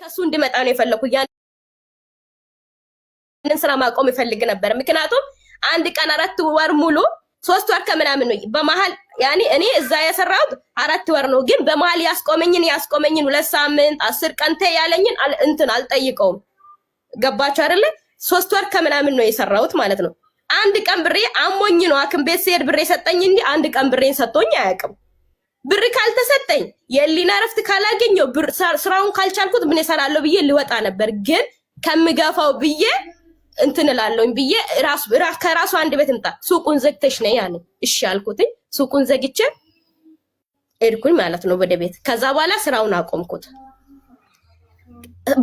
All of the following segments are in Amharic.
ከሱ እንድመጣ ነው የፈለኩ። ያንን ስራ ማቆም ይፈልግ ነበር። ምክንያቱም አንድ ቀን አራት ወር ሙሉ ሶስት ወር ከምናምን ነው በመሀል ያኔ እኔ እዛ የሰራሁት አራት ወር ነው። ግን በመሀል ያስቆመኝን ያስቆመኝን ሁለት ሳምንት አስር ቀን ተ ያለኝን እንትን አልጠይቀውም። ገባችሁ አይደለ? ሶስት ወር ከምናምን ነው የሰራሁት ማለት ነው። አንድ ቀን ብሬ አሞኝ ነው አክም ቤት ስሄድ ብሬ ሰጠኝ እንጂ አንድ ቀን ብሬን ሰጥቶኝ አያውቅም። ብር ካልተሰጠኝ የሊና ረፍት ካላገኘው ስራውን ካልቻልኩት ምን እሰራለሁ ብዬ ልወጣ ነበር። ግን ከምገፋው ብዬ እንትን እላለሁኝ ብዬ ከራሱ አንድ ቤት እምጣ ሱቁን ዘግተሽ ነው ያለ። እሺ አልኩትኝ። ሱቁን ዘግቼ ሄድኩኝ ማለት ነው ወደ ቤት። ከዛ በኋላ ስራውን አቆምኩት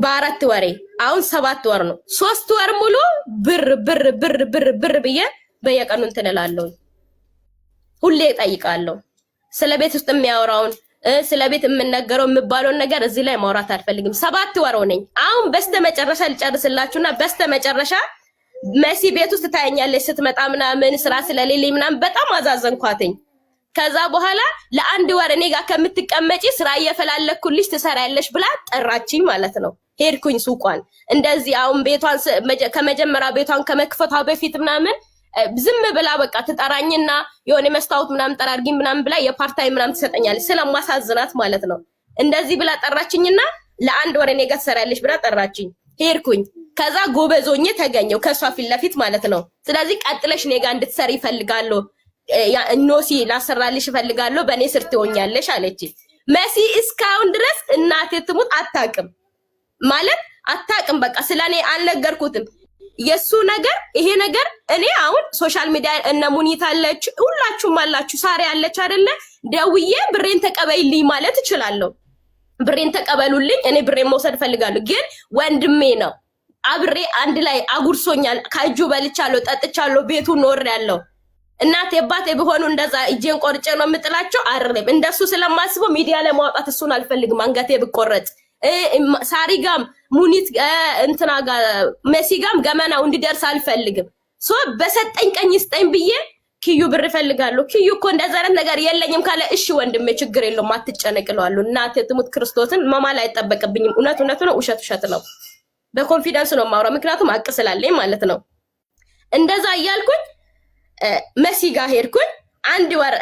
በአራት ወሬ። አሁን ሰባት ወር ነው። ሶስት ወር ሙሉ ብር ብር ብር ብር ብር ብዬ በየቀኑ እንትን እላለሁኝ። ሁሌ እጠይቃለሁ። ስለ ቤት ውስጥ የሚያወራውን ስለ ቤት የምነገረው የሚባለውን ነገር እዚህ ላይ ማውራት አልፈልግም። ሰባት ወር ሆነኝ። አሁን በስተ መጨረሻ ልጨርስላችሁና በስተ መጨረሻ መሲ ቤት ውስጥ ታየኛለች ስትመጣ ምናምን ስራ ስለሌለኝ ምናምን በጣም አዛዘንኳትኝ። ከዛ በኋላ ለአንድ ወር እኔ ጋር ከምትቀመጪ ስራ እየፈላለኩልሽ ትሰሪያለሽ ብላ ጠራችኝ ማለት ነው። ሄድኩኝ ሱቋን እንደዚህ አሁን ቤቷን ከመጀመሪያ ቤቷን ከመክፈቷ በፊት ምናምን ዝም ብላ በቃ ትጠራኝና የሆነ መስታወት ምናምን ጠራርጊ ምናምን ብላ የፓርታይ ምናምን ትሰጠኛለች። ስለማሳዝናት ማለት ነው። እንደዚህ ብላ ጠራችኝና ለአንድ ወር እኔ ጋር ትሰሪያለሽ ብላ ጠራችኝ። ሄድኩኝ። ከዛ ጎበዞኜ ተገኘው ከእሷ ፊት ለፊት ማለት ነው። ስለዚህ ቀጥለሽ እኔ ጋር እንድትሰሪ ይፈልጋለሁ እኖሲ ላሰራልሽ ይፈልጋሉ። በእኔ ስር ትሆኛለሽ አለች። መሲ እስካሁን ድረስ እናቴ ትሙት አታቅም ማለት አታቅም። በቃ ስለኔ አልነገርኩትም። የእሱ ነገር ይሄ ነገር እኔ አሁን ሶሻል ሚዲያ እነ ሙኒት አለች፣ ሁላችሁም አላችሁ፣ ሳሪ አለች አይደለ? ደውዬ ብሬን ተቀበይልኝ ማለት እችላለሁ። ብሬን ተቀበሉልኝ፣ እኔ ብሬን መውሰድ ፈልጋለሁ። ግን ወንድሜ ነው፣ አብሬ አንድ ላይ አጉርሶኛል። ከእጁ በልቻለሁ፣ ጠጥቻለሁ፣ ቤቱ ኖር ያለው እናቴ አባቴ ቢሆኑ እንደዛ እጄን ቆርጬ ነው የምጥላቸው። አርም እንደሱ ስለማስበው ሚዲያ ላይ ማውጣት እሱን አልፈልግም አንገቴ ብቆረጥ ሳሪ ጋም ሙኒት እንትና መሲ ጋም ገመናው እንዲደርስ አልፈልግም። ሶ በሰጠኝ ቀኝ ስጠኝ ብዬ ክዩ ብር እፈልጋለሁ። ክዩ እኮ እንደዛ አይነት ነገር የለኝም ካለ እሺ ወንድሜ ችግር የለውም አትጨነቅለዋለሁ። እናቴ ትሙት ክርስቶስን መማል አይጠበቅብኝም። እውነት እውነቱ ነው፣ ውሸት ውሸት ነው። በኮንፊደንስ ነው የማወራው፣ ምክንያቱም አቅ ስላለኝ ማለት ነው። እንደዛ እያልኩኝ መሲ ጋር ሄድኩኝ። አንድ ወር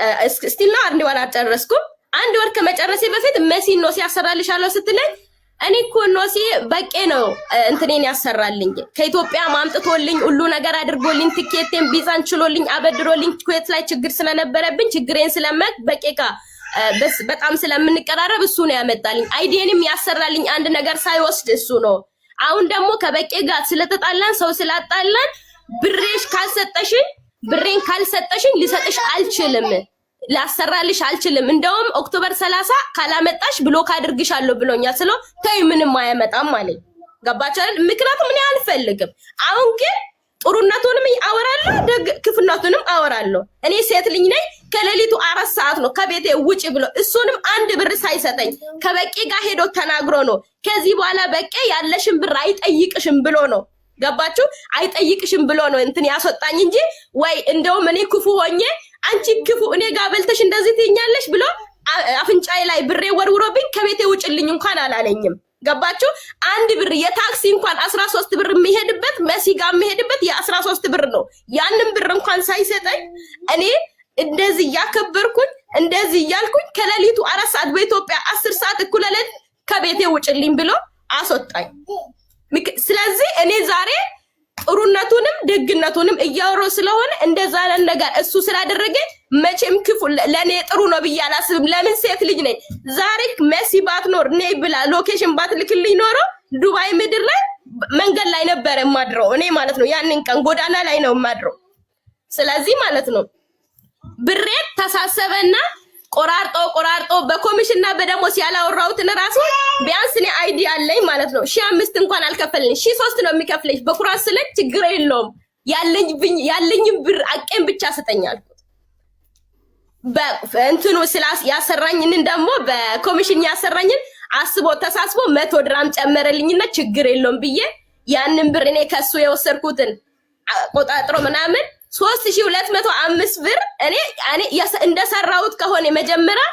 ስቲል ነው አንድ ወር አልጨረስኩም። አንድ ወር ከመጨረሴ በፊት መሲ ኖሴ ያሰራልሻለሁ ስትለኝ እኔ እኮ ኖሴ በቄ ነው እንትኔን ያሰራልኝ ከኢትዮጵያ ማምጥቶልኝ ሁሉ ነገር አድርጎልኝ ትኬቴን ቢዛን ችሎልኝ አበድሮልኝ ኩዌት ላይ ችግር ስለነበረብኝ ችግሬን ስለመቅ በቄ ጋ በጣም ስለምንቀራረብ እሱ ነው ያመጣልኝ። አይዲዬንም ያሰራልኝ አንድ ነገር ሳይወስድ እሱ ነው። አሁን ደግሞ ከበቄ ጋር ስለተጣላን ሰው ስላጣላን ብሬሽ ካልሰጠሽኝ ብሬን ካልሰጠሽኝ ሊሰጥሽ አልችልም። ላሰራልሽ አልችልም፣ እንደውም ኦክቶበር ሰላሳ ካላመጣሽ ብሎክ አድርግሻለሁ ብሎኛል ስለው ተይ ምንም አያመጣም አለኝ። ገባችኋል? ምክንያቱም እኔ አልፈልግም። አሁን ግን ጥሩነቱንም አወራለሁ፣ ደግ ክፍነቱንም አወራለሁ። እኔ ሴት ልኝ ነኝ። ከሌሊቱ አራት ሰዓት ነው ከቤቴ ውጭ ብሎ እሱንም አንድ ብር ሳይሰጠኝ ከበቂ ጋር ሄዶ ተናግሮ ነው ከዚህ በኋላ በቂ ያለሽን ብር አይጠይቅሽም ብሎ ነው ገባችሁ? አይጠይቅሽም ብሎ ነው እንትን ያስወጣኝ እንጂ ወይ እንደውም እኔ ክፉ ሆኜ አንቺ ክፉ እኔ ጋር በልተሽ እንደዚህ ትይኛለሽ ብሎ አፍንጫዬ ላይ ብሬ ወርውሮብኝ ከቤቴ ውጭልኝ እንኳን አላለኝም። ገባችሁ? አንድ ብር የታክሲ እንኳን አስራ ሶስት ብር የሚሄድበት መሲ ጋር የሚሄድበት የአስራ ሶስት ብር ነው። ያንን ብር እንኳን ሳይሰጠኝ እኔ እንደዚህ እያከበርኩኝ እንደዚህ እያልኩኝ ከሌሊቱ አራት ሰዓት በኢትዮጵያ አስር ሰዓት እኩለ ሌሊት ከቤቴ ውጭልኝ ብሎ አስወጣኝ። ስለዚህ እኔ ዛሬ ጥሩነቱንም ደግነቱንም እያወራሁ ስለሆነ እንደዛ አይነት ነገር እሱ ስላደረገ መቼም ክፉ ለእኔ ጥሩ ነው ብዬ አላስብም። ለምን ሴት ልጅ ነኝ። ዛሬ መሲ ባትኖር እኔ ብላ ሎኬሽን ባትልክልኝ ኖሮ ዱባይ ምድር ላይ መንገድ ላይ ነበረ የማድረው እኔ ማለት ነው። ያንን ቀን ጎዳና ላይ ነው የማድረው። ስለዚህ ማለት ነው ብሬት ተሳሰበና ቆራርጦ ቆራርጦ በኮሚሽንና በደሞዝ ያላወራሁትን ራሱ ቢያንስ እኔ አይዲ አለኝ ማለት ነው። ሺህ አምስት እንኳን አልከፈልኝ፣ ሺህ ሶስት ነው የሚከፍለኝ። በኩራት ስለኝ ችግር የለውም ያለኝም ብር አቄም ብቻ ስጠኛል። በእንትኑ ስላስ ያሰራኝንን ደግሞ በኮሚሽን ያሰራኝን አስቦ ተሳስቦ መቶ ድራም ጨመረልኝና ችግር የለውም ብዬ ያንን ብር እኔ ከሱ የወሰድኩትን ቆጣጥሮ ምናምን ሶስት ሺህ ሁለት መቶ አምስት ብር እኔ እኔ እንደሰራሁት ከሆነ መጀመሪያ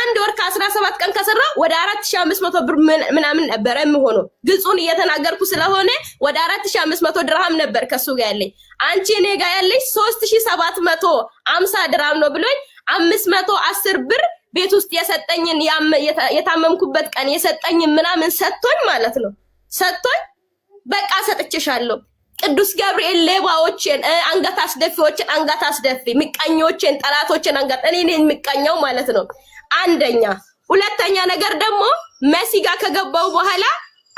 አንድ ወር ከአስራ ሰባት ቀን ከሰራ ወደ አራት ሺህ አምስት መቶ ብር ምናምን ነበር የሚሆነው። ግጹን እየተናገርኩ ስለሆነ ወደ አራት ሺህ አምስት መቶ ድርሃም ነበር ከሱ ጋር ያለኝ። አንቺ እኔ ጋር ያለሽ ሶስት ሺህ ሰባት መቶ አምሳ ድርሃም ነው ብሎኝ አምስት መቶ አስር ብር ቤት ውስጥ የሰጠኝን የታመምኩበት ቀን የሰጠኝን ምናምን ሰጥቶኝ ማለት ነው ሰጥቶኝ በቃ ሰጥቼሻለሁ ቅዱስ ገብርኤል ሌባዎችን፣ አንገት አስደፊዎችን አንገት አስደፊ፣ ምቀኞችን፣ ጠላቶችን አንገት እኔ ነኝ ምቀኛው ማለት ነው። አንደኛ ሁለተኛ ነገር ደግሞ መሲ ጋር ከገባው በኋላ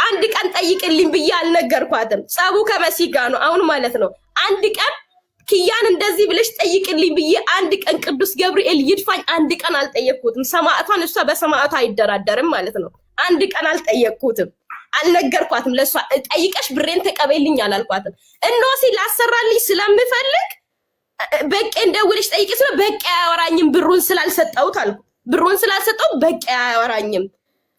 አንድ ቀን ጠይቅልኝ ብዬ አልነገርኳትም። ጸቡ ከመሲ ጋር ነው አሁን ማለት ነው። አንድ ቀን ኪያን እንደዚህ ብለሽ ጠይቅልኝ ብዬ አንድ ቀን ቅዱስ ገብርኤል ይድፋኝ አንድ ቀን አልጠየቅኩትም። ሰማዕቷን እሷ በሰማዕቷ አይደራደርም ማለት ነው። አንድ ቀን አልጠየቅኩትም። አልነገርኳትም። ለእሷ ጠይቀሽ ብሬን ተቀበይልኝ አላልኳትም። ሲ ላሰራልኝ ስለምፈልግ በቄ እንደውልሽ ጠይቂ ስለ በቄ አያወራኝም ብሩን ስላልሰጠውት አልኩ። ብሩን ስላልሰጠው በቄ አያወራኝም።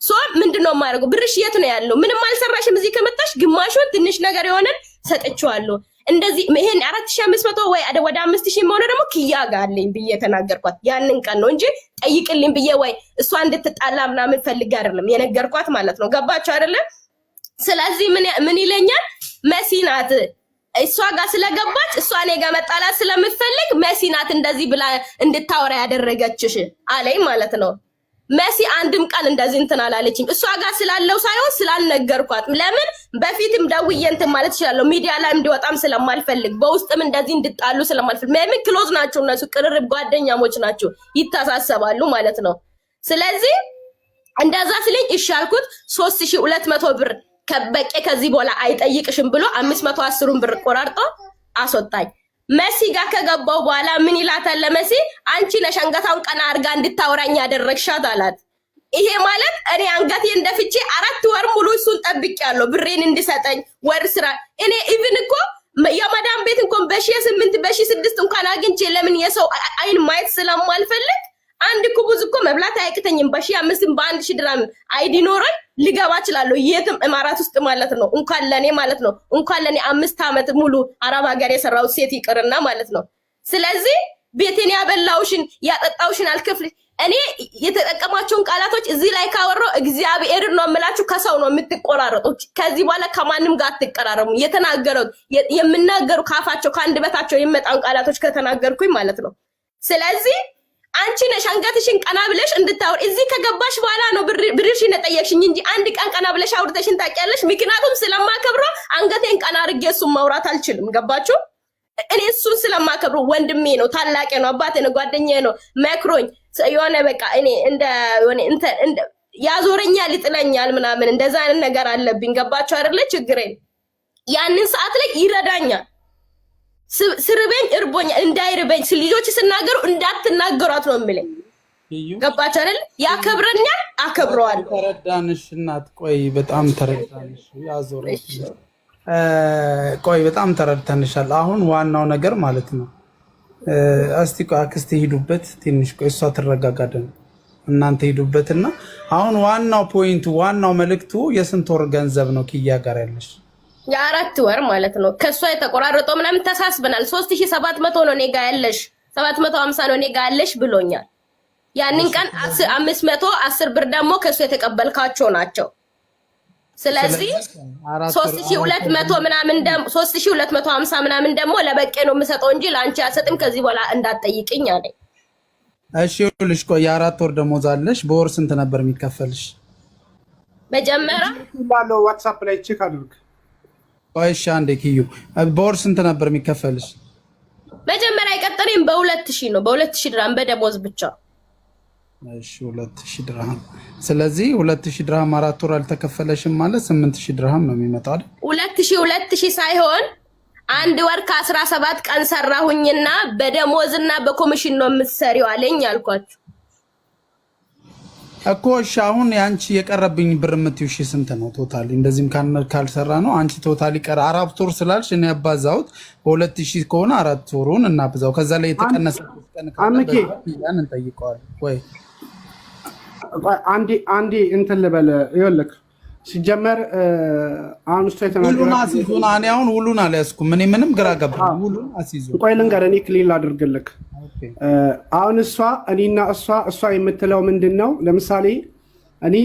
ሶ ነው የማደርገው? ብርሽ የት ነው ያለው? ምንም አልሰራሽም። እዚህ ከመጣሽ ግማሹን ትንሽ ነገር የሆነን ሰጥቼዋለሁ። እንደዚህ ይሄን አራት ሺ አምስት መቶ ወይ ወደ አምስት ሺ መሆነ ደግሞ ክያ ጋር አለኝ ብዬ ተናገርኳት ያንን ቀን ነው እንጂ ጠይቅልኝ ብዬ ወይ እሷ እንድትጣላ ምናምን ፈልጌ አይደለም የነገርኳት ማለት ነው። ገባቸው አይደለም? ስለዚህ ምን ይለኛል መሲ ናት እሷ ጋር ስለገባች እሷ እኔ ጋር መጣላት ስለምፈልግ መሲ ናት እንደዚህ ብላ እንድታወራ ያደረገችሽ አለኝ ማለት ነው። መሲ አንድም ቃል እንደዚህ እንትን አላለችኝ። እሷ ጋር ስላለው ሳይሆን ስላልነገርኳት። ለምን በፊትም ደውዬ እንትን ማለት እችላለሁ። ሚዲያ ላይ እንዲወጣም ስለማልፈልግ፣ በውስጥም እንደዚህ እንድጣሉ ስለማልፈልግ። ለምን ክሎዝ ናቸው እነሱ፣ ቅርርብ ጓደኛሞች ናቸው፣ ይተሳሰባሉ ማለት ነው። ስለዚህ እንደዛ ስለኝ እሺ አልኩት። ሶስት ሺህ ሁለት መቶ ብር ከበቄ ከዚህ በኋላ አይጠይቅሽም ብሎ አምስት መቶ አስሩን ብር ቆራርጦ አስወጣኝ። መሲ ጋር ከገባው በኋላ ምን ይላታል ለመሲ፣ አንቺ ነሽ አንገቷን ቀና አርጋ እንድታወራኝ ያደረግሻት አላት። ይሄ ማለት እኔ አንገቴ እንደፍቼ አራት ወር ሙሉ እሱን ጠብቄያለሁ፣ ብሬን እንድሰጠኝ ወር ስራ። እኔ ኢቭን እኮ የመዳም ቤት እንኳን በሺ ስምንት በሺ ስድስት እንኳን አግኝቼ ለምን የሰው አይን ማየት ስለማልፈልግ አንድ ኩቡዝ እኮ መብላት አያቅተኝም። በሺ አምስትም በአንድ ሺ ድራም አይዲ ኖረኝ ሊገባ እችላለሁ። የትም እማራት ውስጥ ማለት ነው። እንኳን ለኔ ማለት ነው እንኳን ለኔ አምስት ዓመት ሙሉ አረብ ሀገር የሰራው ሴት ይቅርና ማለት ነው። ስለዚህ ቤቴን ያበላውሽን ያጠጣውሽን አልክፍል። እኔ የተጠቀማቸውን ቃላቶች እዚህ ላይ ካወራው እግዚአብሔር ነው የምላችሁ። ከሰው ነው የምትቆራረጡት። ከዚህ በኋላ ከማንም ጋር አትቀራረሙ። የተናገረው የምናገሩ ካፋቸው ከአንድ በታቸው የሚመጣውን ቃላቶች ከተናገርኩኝ ማለት ነው። ስለዚህ አንቺ ነሽ አንገትሽን ቀና ብለሽ እንድታወር እዚህ ከገባሽ በኋላ ነው ብርሽ የጠየቅሽኝ እንጂ አንድ ቀን ቀና ብለሽ አውርተሽን ታውቂያለሽ? ምክንያቱም ስለማከብረ አንገቴን ቀና አድርጌ እሱን ማውራት አልችልም። ገባችሁ? እኔ እሱን ስለማከብረው ወንድሜ ነው፣ ታላቄ ነው፣ አባቴ ነው፣ ጓደኛዬ ነው። መክሮኝ የሆነ በቃ እኔ እንደ ያዞረኛል፣ ይጥለኛል፣ ምናምን እንደዛ አይነት ነገር አለብኝ። ገባችሁ አይደለ? ችግሬን ያንን ሰዓት ላይ ይረዳኛል። ስርበኝ እርቦኛ እንዳይርበኝ ልጆች ስናገሩ እንዳትናገሯት ነው የምልህ። ገባች አይደል? ያከብረኛል፣ አከብረዋል። ተረዳንሽ እናት። ቆይ በጣም ተረዳንሽ። ያዞረ ቆይ በጣም ተረድተንሻል። አሁን ዋናው ነገር ማለት ነው። እስቲ ቆይ አክስቴ ሂዱበት ትንሽ ቆይ፣ እሷ ትረጋጋደን እናንተ ሂዱበትና አሁን ዋናው ፖይንቱ ዋናው መልእክቱ የስንት ወር ገንዘብ ነው ክያ ጋር ያለሽ? የአራት ወር ማለት ነው። ከእሷ የተቆራረጠው ምናምን ተሳስበናል። ሶስት ሺ ሰባት መቶ ነው ኔጋ ያለሽ ሰባት መቶ ሀምሳ ነው ኔጋ ያለሽ ብሎኛል። ያንን ቀን አምስት መቶ አስር ብር ደግሞ ከእሱ የተቀበልካቸው ናቸው። ስለዚህ ሶስት ሺ ሁለት መቶ ምናምን ደግሞ ሶስት ሺ ሁለት መቶ ሀምሳ ምናምን ደግሞ ለበቄ ነው የምሰጠው እንጂ ለአንቺ አልሰጥም። ከዚህ በኋላ እንዳትጠይቅኝ አለኝ። እሺ ልሽ ቆይ የአራት ወር ደሞዝ አለሽ። በወር ስንት ነበር የሚከፈልሽ? መጀመሪያ ባለው ዋትሳፕ ላይ ቼክ አድርግ ቆይሻ አንዴ ኪዩ በወር ስንት ነበር የሚከፈልሽ? መጀመሪያ የቀጠረኝ በሁለት ሺህ ነው። በሁለት ሺህ ድርሃም በደሞዝ ብቻ። እሺ ሁለት ሺህ ድርሃም። ስለዚህ ሁለት ሺህ ድርሃም አራት ወር አልተከፈለሽም ማለት ስምንት ሺህ ድርሃም ነው የሚመጣው አይደል? ሁለት ሺህ ሁለት ሺህ ሳይሆን አንድ ወር ከአስራ ሰባት ቀን ሰራሁኝና በደሞዝና በኮሚሽን ነው የምትሰሪው አለኝ አልኳችሁ። እኮ እሺ፣ አሁን የአንቺ የቀረብኝ ብር የምትይው ሺህ ስንት ነው ቶታል? እንደዚህም ካልሰራ ነው አንቺ ቶታል ይቀር አራት ወር ስላልሽ እኔ ያባዛሁት በሁለት ሺህ ከሆነ አራት ወሩን እናብዛው። ከዛ ላይ የተቀነሰ እንጠይቀዋለን ወይ አንዴ አንዴ እንትን ልበል ይኸውልህ ሲጀመር አንስቶ እሷ ሁሉን አስይዝ ሆና እኔ አሁን ሁሉን አልያዝኩም። እኔ ምንም ግራ ገባ። ሁሉን አስይዝ ቆይ ልንገር፣ እኔ ክሊል አድርግልክ። አሁን እሷ እኔና እሷ እሷ የምትለው ምንድን ነው? ለምሳሌ እኔ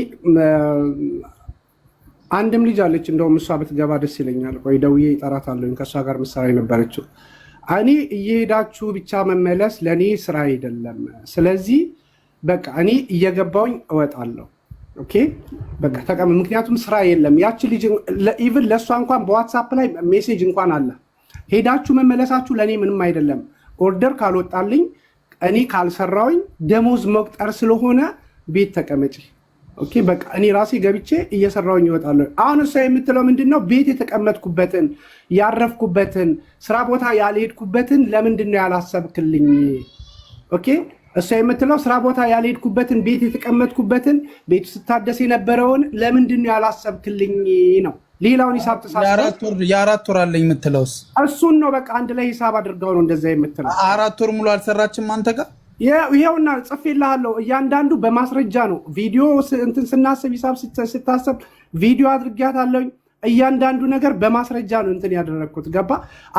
አንድም ልጅ አለች፣ እንደውም እሷ ብትገባ ደስ ይለኛል። ወይ ደውዬ እጠራታለሁ። ከእሷ ጋር ምሳሌ ነበረችው። እኔ እየሄዳችሁ ብቻ መመለስ ለእኔ ስራ አይደለም። ስለዚህ በቃ እኔ እየገባውኝ እወጣለሁ ኦኬ በቃ ምክንያቱም ስራ የለም። ያች ልጅ ኢቭን ለእሷ እንኳን በዋትሳፕ ላይ ሜሴጅ እንኳን አለ። ሄዳችሁ መመለሳችሁ ለእኔ ምንም አይደለም። ኦርደር ካልወጣልኝ እኔ ካልሰራውኝ ደሞዝ መቁጠር ስለሆነ ቤት ተቀመጭ። ኦኬ በቃ እኔ ራሴ ገብቼ እየሰራውኝ ይወጣለሁ። አሁን እሷ የምትለው ምንድን ነው? ቤት የተቀመጥኩበትን ያረፍኩበትን ስራ ቦታ ያልሄድኩበትን ለምንድን ነው ያላሰብክልኝ? ኦኬ እሷ የምትለው ስራ ቦታ ያልሄድኩበትን ቤት የተቀመጥኩበትን ቤቱ ስታደስ የነበረውን ለምንድን ነው ያላሰብክልኝ ነው። ሌላውን ሂሳብ ተሳስበው የአራት ወር አለኝ የምትለውስ እሱን ነው። በቃ አንድ ላይ ሂሳብ አድርገው ነው እንደዛ የምትለው። አራት ወር ሙሉ አልሰራችም አንተ ጋር ይሄውና ጽፌልሃለሁ። እያንዳንዱ በማስረጃ ነው። ቪዲዮ እንትን ስናስብ ሂሳብ ስታሰብ ቪዲዮ አድርጊያታለሁኝ። እያንዳንዱ ነገር በማስረጃ ነው እንትን ያደረግኩት። ገባ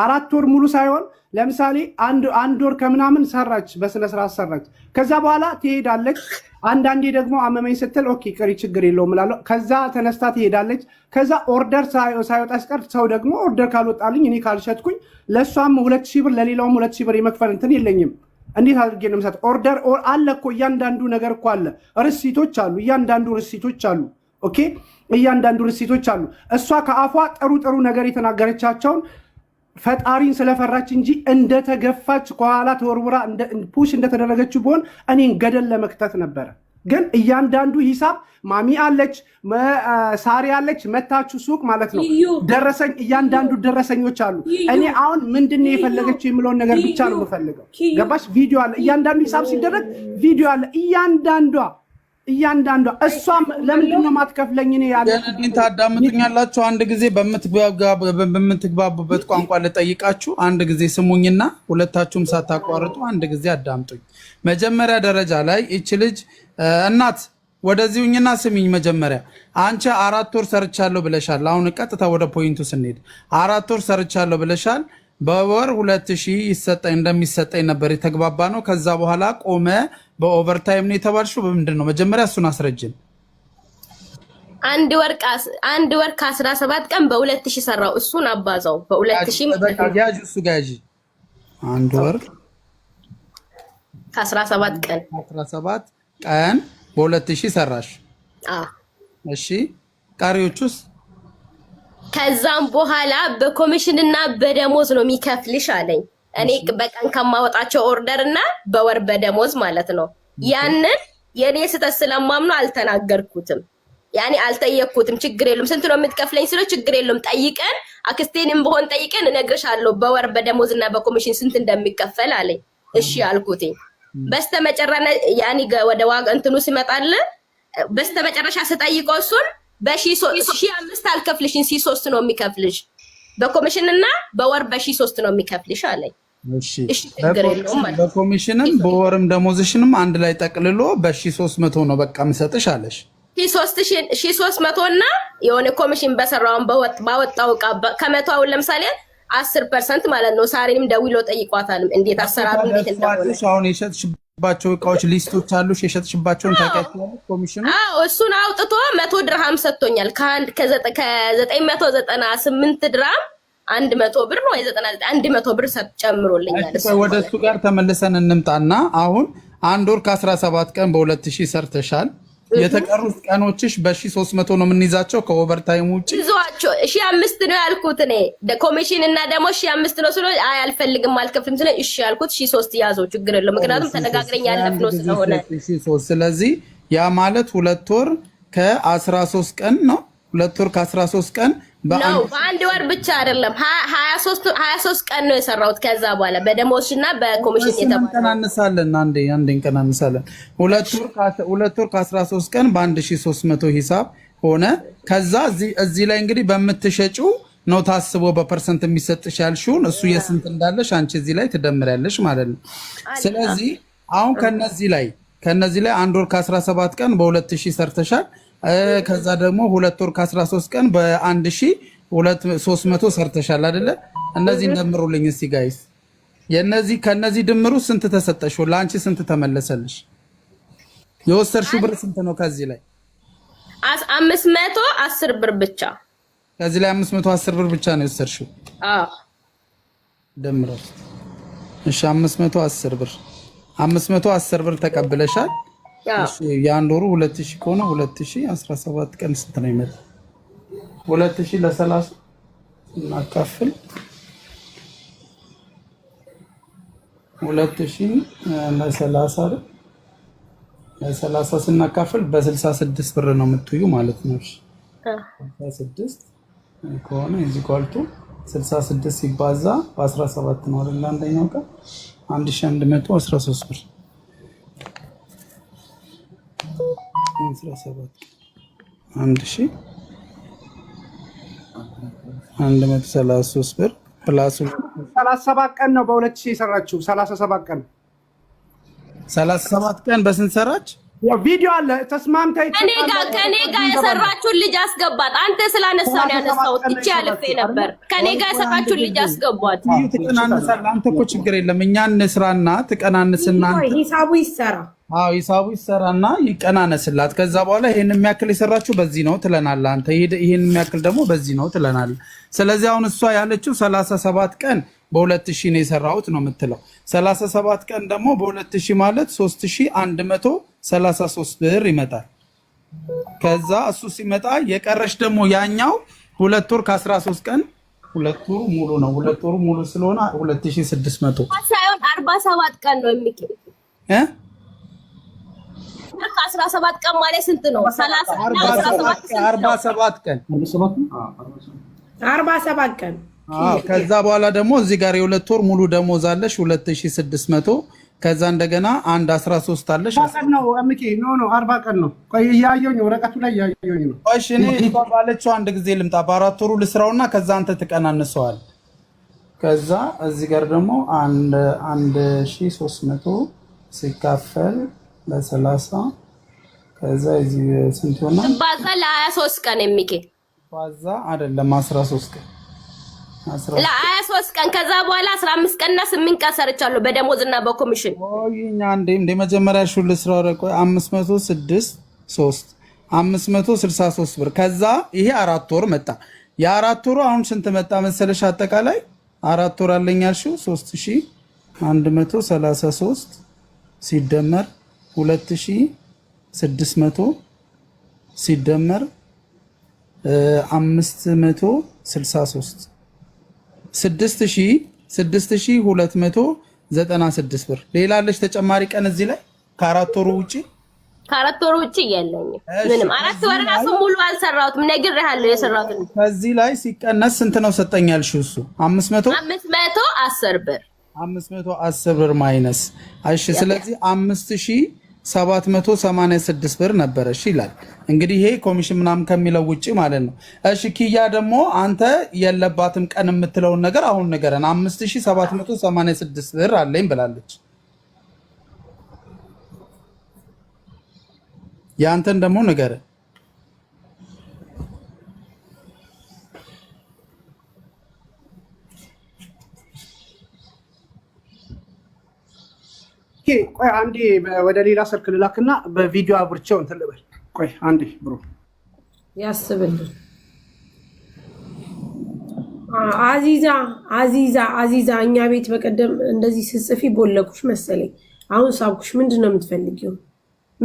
አራት ወር ሙሉ ሳይሆን ለምሳሌ አንድ ወር ከምናምን ሰራች፣ በስነ ስርዓት ሰራች። ከዛ በኋላ ትሄዳለች። አንዳንዴ ደግሞ አመመኝ ስትል ኦኬ ቅሪ ችግር የለውም እላለሁ። ከዛ ተነስታ ትሄዳለች። ከዛ ኦርደር ሳይወጣ ሲቀር ሰው ደግሞ ኦርደር ካልወጣልኝ እኔ ካልሸጥኩኝ ለእሷም ሁለት ሺህ ብር ለሌላውም ሁለት ሺህ ብር የመክፈል እንትን የለኝም። እንዴት አድርጌ ነው የምሰጥ? ኦርደር አለ እኮ እያንዳንዱ ነገር እኮ አለ። ርሲቶች አሉ፣ እያንዳንዱ ርሲቶች አሉ። ኦኬ እያንዳንዱ ርሲቶች አሉ። እሷ ከአፏ ጥሩ ጥሩ ነገር የተናገረቻቸውን ፈጣሪን ስለፈራች እንጂ እንደተገፋች ከኋላ ተወርውራ ፑሽ እንደተደረገችው ቢሆን እኔን ገደል ለመክተት ነበረ። ግን እያንዳንዱ ሂሳብ ማሚ አለች፣ ሳሪ አለች፣ መታችሁ ሱቅ ማለት ነው። ደረሰኝ እያንዳንዱ ደረሰኞች አሉ። እኔ አሁን ምንድን ነው የፈለገችው የምለውን ነገር ብቻ ነው የምፈልገው። ገባሽ? ቪዲዮ አለ፣ እያንዳንዱ ሂሳብ ሲደረግ ቪዲዮ አለ። እያንዳንዷ እያንዳንዷ እሷም ለምንድን ነው ማትከፍለኝ? እኔ ያለ ታዳምጡኛላችሁ። አንድ ጊዜ በምትግባቡበት ቋንቋ ልጠይቃችሁ። አንድ ጊዜ ስሙኝና ሁለታችሁም ሳታቋርጡ አንድ ጊዜ አዳምጡኝ። መጀመሪያ ደረጃ ላይ ይቺ ልጅ እናት ወደዚሁኝና ስሚኝ። መጀመሪያ አንቺ አራት ወር ሰርቻለሁ ብለሻል። አሁን ቀጥታ ወደ ፖይንቱ ስንሄድ አራት ወር ሰርቻለሁ ብለሻል። በወር ሁለት ሺህ ይሰጠኝ እንደሚሰጠኝ ነበር የተግባባ ነው። ከዛ በኋላ ቆመ። በኦቨርታይም ነው የተባልሽው? በምንድን ነው? መጀመሪያ እሱን አስረጅን። አንድ ወር አንድ ከአስራ ሰባት ቀን በሁለት ሺህ ሰራው። እሱን አባዛው በሁለት ሺህ ያዥ እሱ ጋር ያዥ። አንድ ወር ከአስራ ሰባት ቀን አስራ ሰባት ቀን በሁለት ሺህ ሰራሽ። እሺ ቀሪዎቹስ? ከዛም በኋላ በኮሚሽንና በደሞዝ ነው የሚከፍልሽ አለኝ። እኔ በቀን ከማወጣቸው ኦርደር እና በወር በደሞዝ ማለት ነው። ያንን የእኔ ስህተት ስለማምነው አልተናገርኩትም። ያኔ አልጠየቅኩትም። ችግር የለም ስንት ነው የምትከፍለኝ ስለ ችግር የለም ጠይቀን፣ አክስቴንም በሆን ጠይቀን እነግርሻለሁ በወር በደሞዝ እና በኮሚሽን ስንት እንደሚከፈል አለኝ። እሺ አልኩትኝ። በስተመጨረሻ ያኔ ወደ ዋጋ እንትኑ ሲመጣለ በስተመጨረሻ ስጠይቀው እሱን በሺ አምስት አልከፍልሽን ሲ ሶስት ነው የሚከፍልሽ በኮሚሽንና በወር በሺ ሶስት ነው የሚከፍልሽ አለኝ። በኮሚሽንም በወርም ደሞዝሽንም አንድ ላይ ጠቅልሎ በሺ ሶስት መቶ ነው በቃ ምሰጥሽ አለሽ። ሺ ሶስት መቶ እና የሆነ ኮሚሽን በሰራውን ባወጣው እቃ ከመቶ አሁን ለምሳሌ አስር ፐርሰንት ማለት ነው። ሳሪንም ደውሎ ጠይቋታልም እንዴት አሰራሩ እንዴት እንደሆነ የሸጥሽ ባቸው እቃዎች ሊስቶች አሉሽ የሸጥሽባቸውን ታውቂያቸዋለሽ? ኮሚሽኑ እሱን አውጥቶ መቶ ድርሃም ሰጥቶኛል። ከአንድ ከዘጠኝ መቶ ዘጠና ስምንት ድርሃም አንድ መቶ ብር ነው የዘጠና አንድ መቶ ብር ጨምሮልኛል። ወደ እሱ ጋር ተመልሰን እንምጣና አሁን አንድ ወር ከአስራ ሰባት ቀን በሁለት ሺህ ሰርተሻል። የተቀሩት ቀኖችሽ በ300 ነው የምንይዛቸው ከኦቨርታይም ውጭ ይዟቸው። ሺ አምስት ነው ያልኩት እኔ ኮሚሽን እና ደግሞ ሺ አምስት ነው ስለ አይ አልፈልግም አልከፍልም ስለ እሺ ያልኩት ሺ ሶስት ያዘው ችግር የለው። ምክንያቱም ተነጋግረኝ ያለፍነው ስለሆነ ስለዚህ ያ ማለት ሁለት ወር ከአስራ ሶስት ቀን ነው። ሁለት ወር ከአስራ ሶስት ቀን ነው በአንድ ወር ብቻ አይደለም፣ ሀያ ሶስት ቀን ነው የሰራሁት። ከዛ በኋላ በደሞዝ እና በኮሚሽን እንቀናንሳለን። አንዴ አንዴ እንቀናንሳለን። ሁለት ወር ከአስራ ሶስት ቀን በአንድ ሺ ሶስት መቶ ሂሳብ ሆነ። ከዛ እዚህ ላይ እንግዲህ በምትሸጪው ነው ታስቦ በፐርሰንት የሚሰጥሽ ያልሽውን እሱ የስንት እንዳለሽ አንቺ እዚህ ላይ ትደምሪያለሽ ማለት ነው። ስለዚህ አሁን ከነዚህ ላይ ከነዚህ ላይ አንድ ወር ከአስራ ሰባት ቀን በሁለት ሺህ ሰርተሻል። ከዛ ደግሞ ሁለት ወር ከ13 ቀን በአንድ ሺ ሶስት መቶ ሰርተሻል አደለ? እነዚህ እንደምሩልኝ እስቲ ጋይስ። የነዚህ ከነዚህ ድምሩ ስንት ተሰጠሽ? ለአንቺ ስንት ተመለሰልሽ? የወሰድሽው ብር ስንት ነው? ከዚህ ላይ አምስት መቶ አስር ብር ብቻ ከዚህ ላይ አምስት መቶ አስር ብር ብቻ ነው የወሰድሽው። ደምረው። እሺ አምስት መቶ አስር ብር አምስት መቶ አስር ብር ተቀብለሻል። የአንድ ወሩ ሁለት ሺህ ከሆነ ሁለት ሺህ አስራ ሰባት ቀን ስንት ነው ይመጣ? ሁለት ሺህ ለሰላሳ እናካፍል ሁለት ሺህ ለሰላሳ ለሰላሳ ስናካፍል በስልሳ ስድስት ብር ነው የምትዩ ማለት ነው። ስልሳ ስድስት ከሆነ እዚህ ኳልቱ ስልሳ ስድስት ሲባዛ በአስራ ሰባት ነው አይደል? አንደኛው ቀን አንድ ሺህ አንድ መቶ አስራ ሶስት ብር ስራ ሰባት አንድ ሺ አንድ መቶ ሰላሳ ሶስት ብር ፕላስ ሰላሳ ሰባት ቀን ነው። በሁለት ሺ የሰራችው ሰላሳ ሰባት ቀን ሰላሳ ሰባት ቀን በስንት ሰራች? ቪዲዮ አለ። ተስማምተ እኔ ከኔ ጋር የሰራችሁን ልጅ አስገባት። አንተ ስላነሳ ነው ያነሳሁት። እቺ አልፌ ነበር። ከኔ ጋር የሰራችሁን ልጅ አስገቧት። ትቀናነሳለህ። አንተ እኮ ችግር የለም። እኛ እንስራና ትቀናንስና ሂሳቡ ይሰራ አዎ ሂሳቡ ይሰራና ይቀናነስላት። ከዛ በኋላ ይሄን የሚያክል የሰራችሁ በዚህ ነው ትለናል። አንተ ይሄን የሚያክል ደግሞ በዚህ ነው ትለናል። ስለዚህ አሁን እሷ ያለችው 37 ቀን በ2000 ነው የሰራሁት ነው የምትለው። 37 ቀን ደግሞ በ2000 ማለት 3133 ብር ይመጣል። ከዛ እሱ ሲመጣ የቀረሽ ደግሞ ያኛው ሁለት ወር ከ13 ቀን ሁለት ወር ሙሉ ነው። ሁለት ወር ሙሉ ስለሆነ 2600 ሳይሆን 47 ቀን ነው የሚቀር አስራ ሰባት ቀን ማለት ስንት ነው? አርባ ሰባት ቀን አርባ ሰባት ቀን ከዛ በኋላ ደግሞ እዚህ ጋር የሁለት ወር ሙሉ ደሞዝ አለሽ 2600 ከዛ እንደገና አንድ 13 ሶስት አለሽ አርባ ቀን ነው ወረቀቱ ላይ ነው። እሺ እኔ ባለችው አንድ ጊዜ ልምጣ በአራት ወሩ ልስራውና ከዛ አንተ ትቀናንሰዋል። ከዛ እዚህ ጋር ደግሞ አንድ ሺህ ሶስት መቶ ከዛ እዚህ ስንት ይሆናል? ባዛ ለ23 ቀን የሚኬ ባዛ አይደለም 13 ቀን ለ23 ቀን ከዛ በኋላ 15 ቀንና 8 ቀን ሰርቻለሁ በደሞዝ እና በኮሚሽን። ቆይኛ አንዴ እንደ መጀመሪያ ሹል ስራ ረቆ 563 563 ብር። ከዛ ይሄ አራት ወር መጣ። የአራት ወሩ አሁን ስንት መጣ መሰለሽ? አጠቃላይ አራት ወር አለኝ ያልሽው 3133 ሲደመር 2000 ስድስት መቶ ሲደመር አምስት መቶ ስልሳ ሶስት ስድስት ሺህ ስድስት ሁለት መቶ ዘጠና ስድስት ብር። ሌላ ተጨማሪ ቀን እዚህ ላይ ከአራት ወሩ ውጪ ከአራት ወር ውጭ የለኝም። ምንም አራት ወር ራሱ ሙሉ አልሰራሁትም። ነግሬሃለሁ የሰራሁትን። ከዚህ ላይ ሲቀነስ ስንት ነው ሰጠኝ ያልሽው? እሱ አምስት መቶ አምስት መቶ አስር ብር አምስት መቶ አስር ብር ማይነስ። እሺ ስለዚህ አምስት ሺህ 786 ብር ነበረ። እሺ ይላል እንግዲህ ይሄ ኮሚሽን ምናምን ከሚለው ውጭ ማለት ነው። እሺ ኪያ ደግሞ አንተ የለባትም ቀን የምትለውን ነገር አሁን ንገረን። 5786 ብር አለኝ ብላለች። ያንተን ደግሞ ንገረን። ቆይ አንዴ ወደ ሌላ ስልክ ልላክና በቪዲዮ አብርቼው እንትን ልበል። ቆይ አንዴ ብሩ ያስብልን። አዚዛ አዚዛ አዚዛ፣ እኛ ቤት በቀደም እንደዚህ ስጽፊ ቦለኩሽ መሰለኝ። አሁን ሳብኩሽ። ምንድን ነው የምትፈልጊው?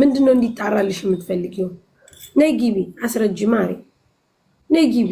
ምንድን ነው እንዲጣራልሽ የምትፈልጊው? ነይ ግቢ፣ አስረጅ ማሪ፣ ነይ ግቢ